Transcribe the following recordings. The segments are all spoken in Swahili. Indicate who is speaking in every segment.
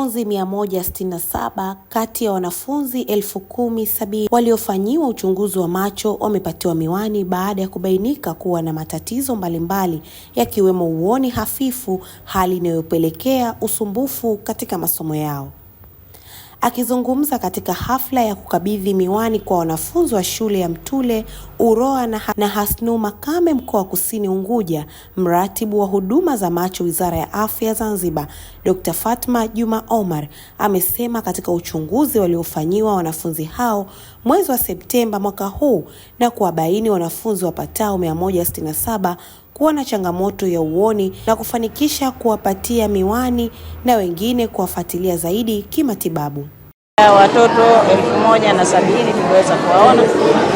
Speaker 1: Wanafunzi 167 kati ya wanafunzi elfu kumi waliofanyiwa uchunguzi wa macho wamepatiwa miwani baada ya kubainika kuwa na matatizo mbalimbali yakiwemo uoni hafifu, hali inayopelekea usumbufu katika masomo yao. Akizungumza katika hafla ya kukabidhi miwani kwa wanafunzi wa shule ya Mtule, Uroa na, ha na Hasnu Makame mkoa wa Kusini Unguja, mratibu wa huduma za macho Wizara ya Afya Zanzibar, Dr. Fatma Juma Omar amesema katika uchunguzi waliofanyiwa wanafunzi hao mwezi wa Septemba mwaka huu na kuwabaini wanafunzi wapatao 167 kuwa na changamoto ya uoni na kufanikisha kuwapatia miwani na wengine kuwafuatilia zaidi kimatibabu.
Speaker 2: Watoto elfu moja na sabini tuliweza kuwaona.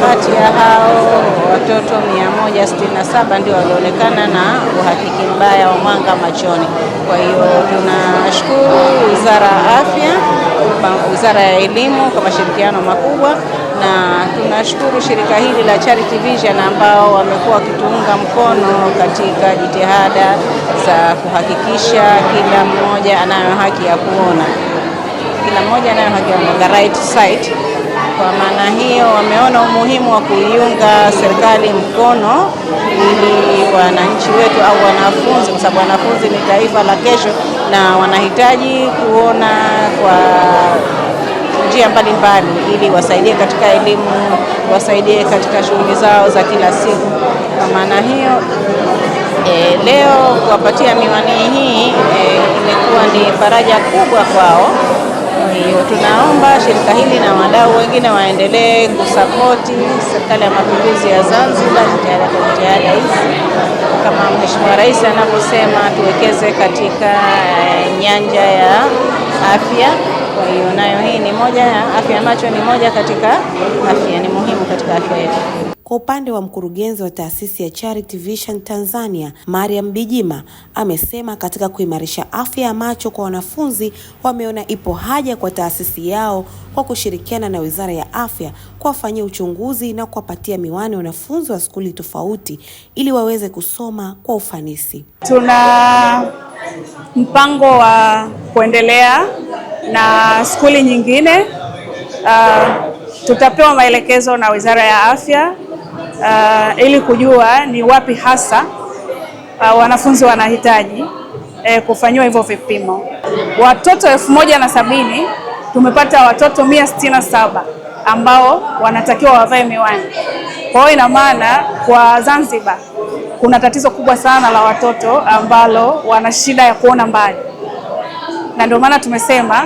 Speaker 2: Kati ya hao watoto 167 ndio walionekana na uhakiki mbaya wa mwanga machoni. Kwa hiyo tunashukuru Wizara ya Afya, Wizara ya Elimu kwa mashirikiano makubwa, na tunashukuru shirika hili la Charity Vision ambao wamekuwa wakituunga mkono katika jitihada za kuhakikisha kila mmoja anayo haki ya kuona kila mmoja nayo haki on the right side. Kwa maana hiyo wameona umuhimu wa kuiunga serikali mkono ili wananchi wetu au wanafunzi, kwa sababu wanafunzi ni taifa la kesho, na wanahitaji kuona kwa njia mbalimbali ili wasaidie katika elimu, wasaidie katika shughuli zao za kila siku. Kwa maana hiyo e, leo kuwapatia miwani hii e, imekuwa ni faraja kubwa kwao hiyo. Tunaomba shirika hili na wadau wengine waendelee kusapoti Serikali ya Mapinduzi ya Zanzibar jitihada kwa jitihada hizi, kama Mheshimiwa Rais anavyosema tuwekeze katika eh, nyanja ya afya. Kwa hiyo nayo hii ni moja, afya macho ni moja katika afya, ni muhimu katika afya yetu.
Speaker 1: Kwa upande wa mkurugenzi wa taasisi ya Charity Vision Tanzania, Mariam Bijima amesema katika kuimarisha afya ya macho kwa wanafunzi wameona ipo haja kwa taasisi yao kwa kushirikiana na Wizara ya Afya kuwafanyia uchunguzi na kuwapatia miwani wanafunzi wa skuli tofauti ili waweze kusoma kwa ufanisi.
Speaker 3: Tuna mpango wa kuendelea na skuli nyingine. Uh, tutapewa maelekezo na Wizara ya Afya uh, ili kujua ni wapi hasa uh, wanafunzi wanahitaji eh, kufanyiwa hivyo vipimo. Watoto elfu moja na sabini tumepata watoto mia sitini na saba ambao wanatakiwa wavae miwani. Kwa hiyo ina maana kwa Zanzibar kuna tatizo kubwa sana la watoto ambalo wana shida ya kuona mbali, na ndio maana tumesema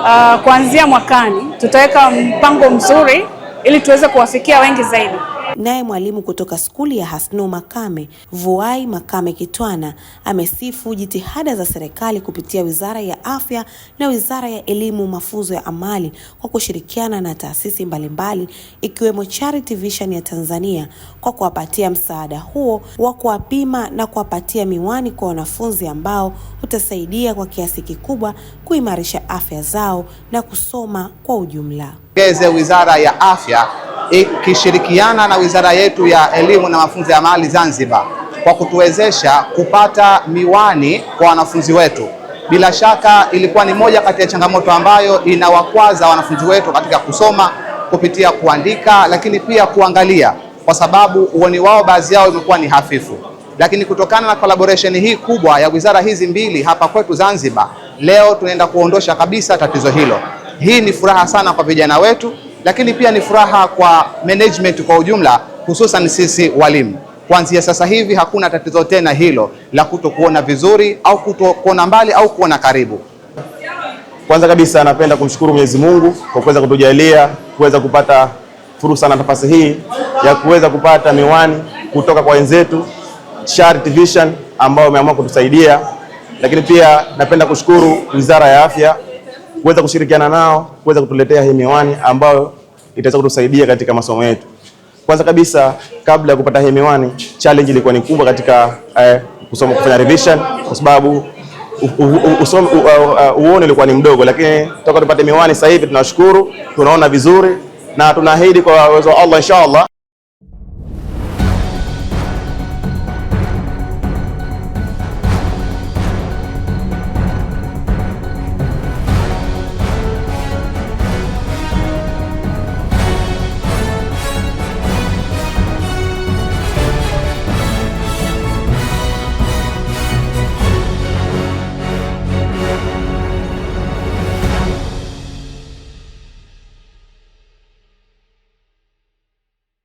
Speaker 3: uh, kuanzia mwakani tutaweka mpango mzuri ili tuweze kuwafikia wengi zaidi.
Speaker 1: Naye mwalimu kutoka skuli ya Hasnu Makame Vuai Makame Kitwana amesifu jitihada za serikali kupitia Wizara ya Afya na Wizara ya Elimu, Mafunzo ya Amali kwa kushirikiana na taasisi mbalimbali ikiwemo Charity Vision ya Tanzania kwa kuwapatia msaada huo wa kuwapima na kuwapatia miwani kwa wanafunzi ambao utasaidia kwa kiasi kikubwa kuimarisha afya zao na kusoma kwa ujumla.
Speaker 4: Wizara ya Afya ikishirikiana na wizara yetu ya elimu na mafunzo ya mali Zanzibar kwa kutuwezesha kupata miwani kwa wanafunzi wetu. Bila shaka ilikuwa ni moja kati ya changamoto ambayo inawakwaza wanafunzi wetu katika kusoma kupitia kuandika, lakini pia kuangalia, kwa sababu uoni wao baadhi yao imekuwa ni hafifu. Lakini kutokana na collaboration hii kubwa ya wizara hizi mbili hapa kwetu Zanzibar, leo tunaenda kuondosha kabisa tatizo hilo. Hii ni furaha sana kwa vijana wetu lakini pia ni furaha kwa management kwa ujumla, hususan sisi walimu. Kuanzia sasa hivi hakuna tatizo tena hilo la kutokuona vizuri au kutokuona mbali au kuona karibu.
Speaker 5: Kwanza kabisa napenda kumshukuru Mwenyezi Mungu kwa kuweza kutujalia kuweza kupata fursa na nafasi hii ya kuweza kupata miwani kutoka kwa wenzetu Charity Vision ambao wameamua kutusaidia, lakini pia napenda kushukuru Wizara ya Afya kuweza kushirikiana nao kuweza kutuletea hii miwani ambayo itaweza kutusaidia katika masomo yetu. Kwanza kabisa, kabla ya kupata hii miwani, challenge ilikuwa ni kubwa katika eh, kusoma kufanya revision kwa sababu uh, uone ulikuwa ni mdogo, lakini toka tupate miwani sasa hivi tunashukuru, tunaona vizuri na tunaahidi kwa uwezo wa Allah inshallah